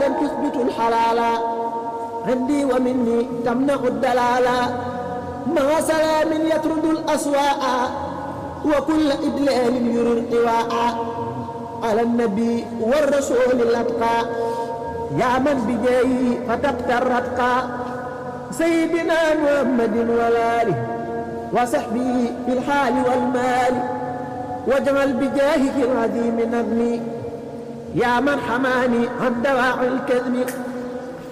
لغة تثبت الحلال عندي ومني تمنع الدلال مع سلام يطرد الأسواء وكل إدلال يرى القواء على النبي والرسول الأتقى يا من بجاي فتبت الرتقى سيدنا محمد ولاله وصحبه في الحال والمال واجعل بجاهه العظيم نبني يا من حماني عن دواعي الكذب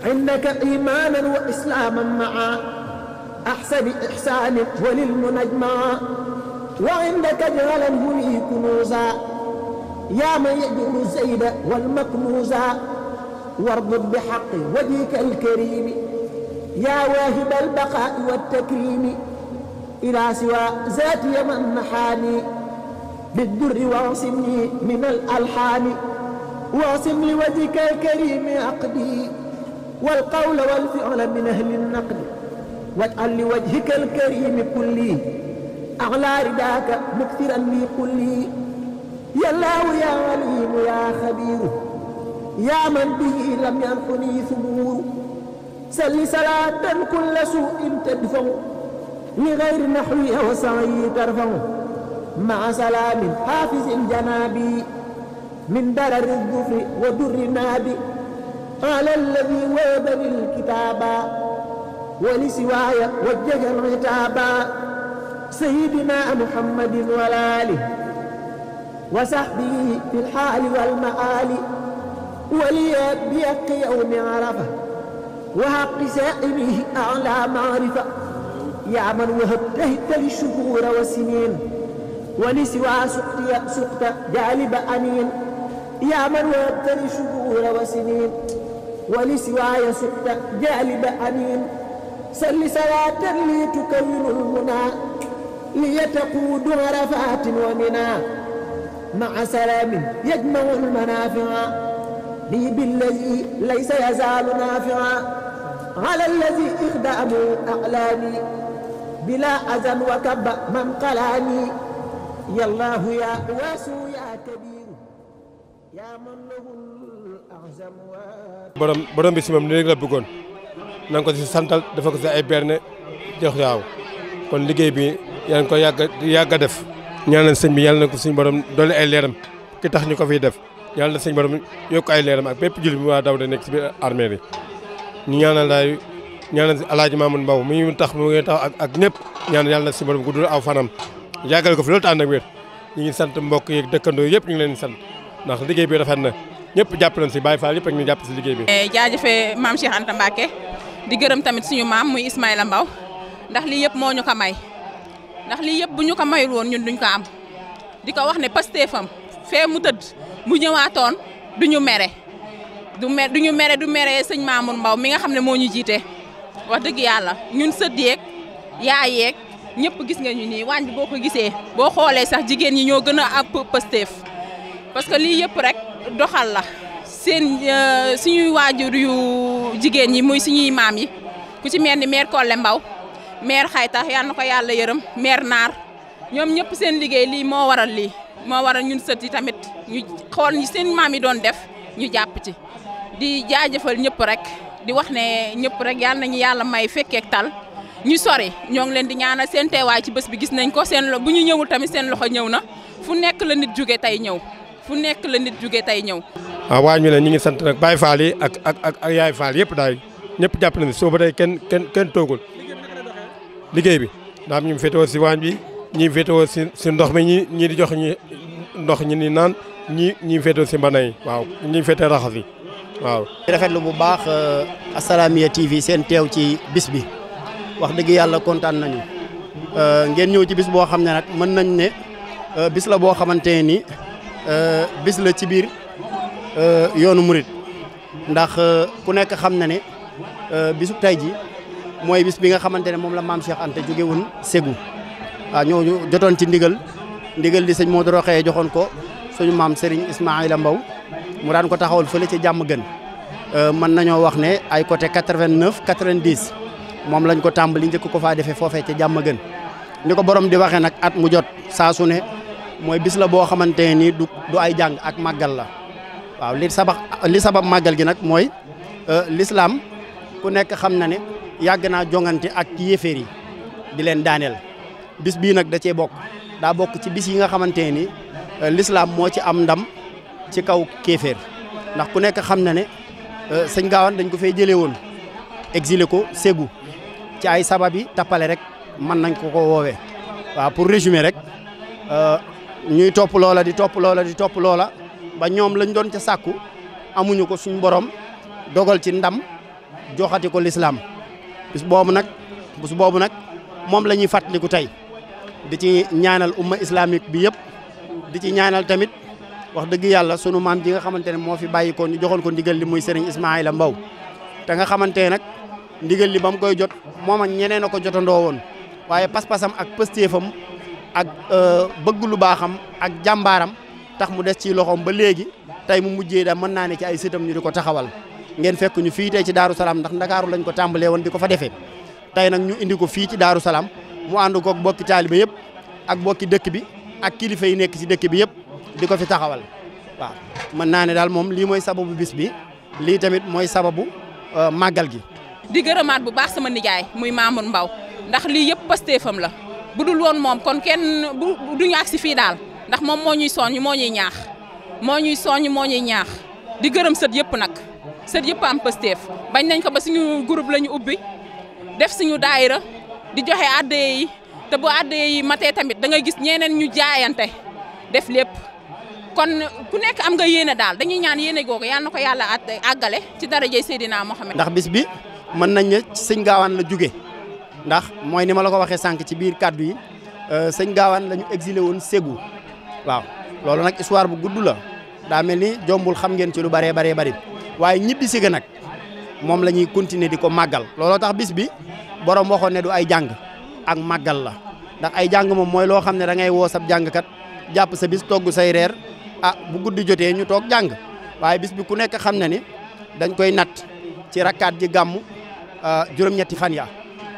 عندك إيمانا وإسلاما معا أحسن إحسان وللمنجمع وعندك جهلا لي كنوزا يا من يجر الزيد والمكنوزا وارض بحق وجهك الكريم يا واهب البقاء والتكريم إلى سوى ذات يمن محاني بالدر واعصمني من الألحان واصم لوجهك الكريم عقدي والقول والفعل من أهل النقد واجعل لوجهك الكريم كلي أعلى رداك مكثرا لي كلي يا الله يا عليم يا خبير يا من به لم ينقني ثبور سل صلاة كل سوء تدفع لغير نحوها وسعي ترفع مع سلام حافظ جنابي من درر الظفر ودر ناب قال الذي وهب لي الكتابا ولسواي وجه العتابا سيدنا محمد ولاله وصحبه في الحال والمآل ولي بيق يوم عرفه وحق سائله أعلى معرفة يا من وهبته للشهور والسنين ولسوى سقط سقط جالب أنين يا من وابتلي شهور وسنين ولسواي سقت جالب أنين سل سوات لي تكون المنى ليتقود عرفات ومنى مع سلام يجمع المنافع لي بالذي ليس يزال نافعا على الذي اخدام أعلامي بلا أذى وكب من قلاني يا الله يا واسو يا كبير borom borom bi si moom ni rek la bëggoon na nga ko si santal dafa ko si ay berne jox yaaw kon liggéey bi yaa ngi ko yàgg yàgg def ñaanal sëñ bi yàlla na ko suñu borom doole ay leeram ki tax ñu ko fiy def yàlla na borom yokk ay leeram ak bépp jullit bi waa daw da nekk si biir armée bi ñu ñaanal laay ñaanal si alaaji Mamoun Mbow mi tax mu ngi tax ak ak ñëpp ñaanal yàlla na suñu borom guddul aw fanam yàggal ko fi loolu te ànd ak wér ñu ngi sant mbokk yeeg dëkkandoo yëpp ñu ngi leen sant ndax liggéey bi rafet na ñëpp jàpp nañ si Baye Fall yëpp ak jàpp si liggéey bi. Eh, jaajëfee maam Cheikh Anta Mbacke di gërëm tamit suñu maam muy Ismaïla Mbaw ndax lii yëpp moo ñu ko may ndax lii yëpp bu ñu ko mayul woon ñun duñ ko am di ko wax ne Pastefam fee mu tëdd mu ñëwaatoon du ñu mere du mere du mere du mere sëñ Mamour Mbaw mi nga xam ne moo ñu jiite wax dëgg yàlla ñun sët yeeg yaa yeeg ñëpp gis nga ñu nii waañ boo ko gisee boo xoolee sax jigéen ñi ñoo gën a ab parce que lii yëpp rek doxal la seen euh, suñuy waajur yu jigéen yi muy suñuy maam yi ku ci mel ni maire Kolle Mbaw maire xaytax yal na ko yàlla yërëm maire Naar ñoom ñëpp seen liggéey lii moo waral lii moo waral ñun sët yi tamit ñu xool ñi seen maam yi doon def ñu jàpp ci di jaajëfal ñëpp rek di wax ne ñëpp rek yal nañu yàlla may fekkeek tal ñu sori ñoo ngi leen di ñaanal seen teewaay ci bés bi gis nañ ko seen lo bu ñu ñëwul tamit seen loxo ñëw na fu nekk la nit jóge tey ñëw fu nekk la nit jóge tey ñëw. waaw ah, waañ mi ne ñu ngi sant nag Baye Fall ak ak ak ak Yaay Fall yëpp daal ñëpp jàpp nañu si soo tey kenn kenn kenn toogul liggéey bi daam ñu féetewoo si waañ bi ñi féetewoo si si ndox mi ñi ñi di jox ñi ndox ñi ni naan ñi ñi féetewoo si mbana waaw ñi féetee raxas yi waaw. rafetlu bu baax euh, Assalaamy TV seen teew ci bis bi wax dëgg yàlla kontaan nañu euh, ngeen ñëw ci bis boo xam ne nag mën nañ ne euh, bis la boo xamante ni. Euh, bis la ci biir euh, yoonu murit ndax euh, ku nekk xam na ne bisu tey ji mooy bis bi nga xamante ne moom la maam Cheikh Anta jóge woon Ségou waaw ah, ñoo jotoon ci ndigal ndigal di sëñ Modou Rokhaya joxoon ko suñu maam Serigne Ismaïla Mbaw mu daan ko taxawal fële ci jàmm gën mën nañoo wax ne ay côté 89 90 moom lañ ko tàmbali njëkk ko faa defee foofee ca jàmm gën ni ko borom di waxee nag at mu jot saa mooy bis la boo xamante nii du du ay jàng ak màggal la waaw li sabab li sabab màggal gi nag mooy euh, lislaam ku nekk xam na ne yàgg naa jongante ak yéeféer yi di leen daaneel bis bii nag da cee bokk daa bokk ci bis yi nga xamante nii euh, lislaam moo ci am ndam ci kaw kéeféer ndax ku nekk xam na ne euh, sëñ Gaawaan dañ ko fay jëlee woon exilé ko ségu ci ay sabab yi tappale rek mën nañ ko ko woowee waaw pour résumer rek ñuy topp loola di topp loola di topp loola ba ñoom lañ doon ca sàkku amuñu ko suñu borom dogal ci ndam joxati ko lislaam bis boobu nag bis boobu nag moom la ñuy fàttaliku tey di ci ñaanal umma islamique bi yëpp di ci ñaanal tamit wax dëgg yàlla sunu maam ji nga xamante ne moo fi bàyyi ko ñu joxoon ko ndigal li muy Serigne Ismaïla Mbow te nga xamante nag ndigal li ba koy jot moom ak ñeneen a ko jotandoo woon waaye pas ak pëstéefam ak euh, bëgg lu baaxam ak jàmbaaram tax mu des ci loxoom ba léegi tey mu mujjee da mën naa ne ci ay sëtam ñu di ko taxawal ngeen fekk ñu fii tey ci Daaru Salaam ndax Ndakaaru lañ ko tàmbalee woon di ko fa defee tey nag ñu indi ko fii ci Daaru Salaam mu ànd ko bokki taalibe yëpp ak bokki dëkk bi ak kilifa yi nekk ci dëkk bi yëpp di ko fi taxawal waaw mën naa ne daal moom lii mooy sababu bis bi lii tamit mooy sababu euh, màggal gi. di gërëmaat bu baax sama nijaay muy Mamoun la. bu dul woon moom kon kenn bu duñu si fii daal ndax moom moo ñuy soññ moo ñuy ñaax moo ñuy soññ moo ñuy ñaax di gërëm sët yépp nag sët yëpp am Pastef bañ nañ ko ba suñu groupe la ñu ubbi def suñu daayira di joxe addee yi te bu addee yi mate tamit da gis ñeneen ñu jaayante def lépp kon ku nekk am nga yéene daal dañuy ñaan yéene googu yal na ko yàlla àggale ci dara darajay Seydina Mohamed. ndax bis bi mën nañ ne sëñ gaawaan la jóge ndax mooy ni ma la ko waxee sànq ci biir kàddu yi euh, sëñ gaawaan la ñu exilé woon Ségou waaw loolu nag histoire bu gudd la daa mel ni jombul xam ngeen ci lu bëree baree bëri waaye ñibbi si ga nag moom la ñuy continuer di ko màggal looloo tax bis bi borom waxoon ne du ay jàng ak màggal la ndax ay jàng moom mooy loo xam ne da ngay woo sab jàngkat jàpp sa bis togg say reer ah bu guddi jotee ñu toog jàng waaye bis bi ku nekk xam na ni dañ koy natt ci rakkaat ji gàmm euh, juróom-ñetti fan ya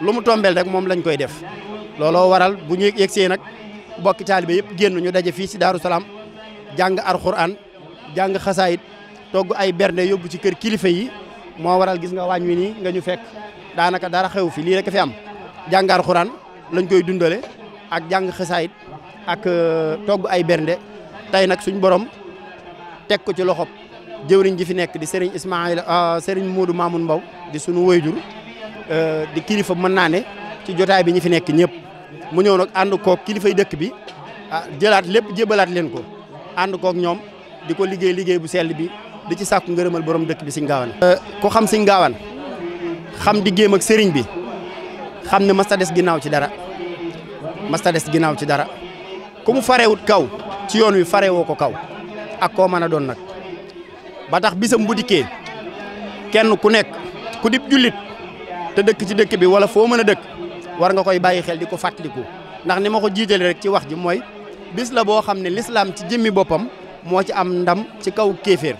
lu mu tombeel rek moom lañ koy def looloo waral bu ñu yegsee nag bokki taalibe yëpp génn ñu daje fii si Daaru Salaam jàng alxuraan jàng xasaayit togg ay bernde yóbbu ci kër kilifa yi moo waral gis nga waañ nii nga ñu fekk daanaka dara xew fi lii rek fi am jàng lañ koy dundale ak jàng xasaayit ak euh, togg ay bernde tey nag suñ borom teg ko ci loxob jëwriñ ji fi nekk di Serigne Ismaïla euh, Serigne Modou Mamoun Mbow di sunu wayjur Euh, di kilifa mën naa ne ci jotaay bi ñu fi nekk ñëpp mu ñëw nag ànd koog kilifay dëkk bi ah jëlaat lépp jëbalaat leen ko ànd koog ñoom di ko liggéey liggéey bu sell bi di ci sàkku ngërëmal borom dëkk bi Sëñ Gawane. Euh, ku xam Sëñ Gawane xam di géem sëriñ bi xam ne masta des ginnaaw ci dara masta des ginnaaw ci dara ku mu farewut kaw ci yoon wi farewoo ko kaw ak koo mën a doon nag ba bisam bu dikkee kenn ku nekk ku dib jullit. te dëkk ci dëkk bi wala foo mën a dëkk war nga koy bàyyi xel di ko fàttaliku ndax ni ma ko jiitale rek ci wax ji mooy bis la boo xam ne lislaam ci jëmmi boppam moo ci am ndam ci kaw kéeféer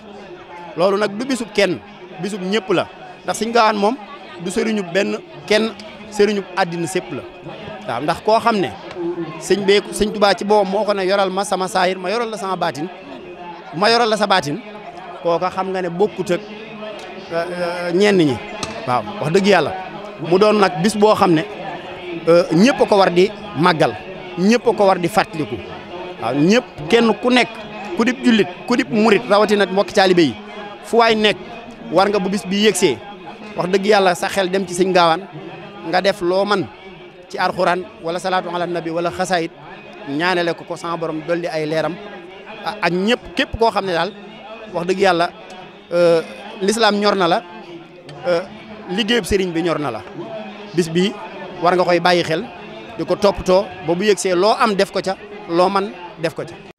loolu nag du bisub kenn bisub ñëpp la ndax Sëñ Gaawaan moom du sëriñu benn kenn sëriñu àddina sépp la waaw ndax koo xam ne sëñ bee sëñ Tuubaa ci boppam moo ko ne yoral ma sama saayir ma yoral la sama baatin ma yoral la sa baatin kooka xam nga ne bokkut ak euh, euh, ñenn ñi waaw wax dëgg yàlla mu doon nag bis boo xam ne euh, ñëpp ko war di màggal ñëpp ko war di fàttaliku waaw ñëpp kenn ku nekk ku dib jullit ku dib murit rawatina mbokki taalibe fu waay nekk war nga bu bis bi yëgsee wax dëgg yàlla sa xel dem ci sëñ gaawaan nga def loo man ci alxuraan wala salaatu ala nabi wala xasaayit ñaanale ko ko sama borom dolli ay leeram ak ñëpp képp koo xam ne daal wax dëgg yàlla euh, lislaam ñor na la euh, liggéey liggéeyub sëriñ bi ñor na la bis bi war nga koy bàyyi xel di ko toppatoo ba bu yëgsee loo am def ko ca loo man def ko ca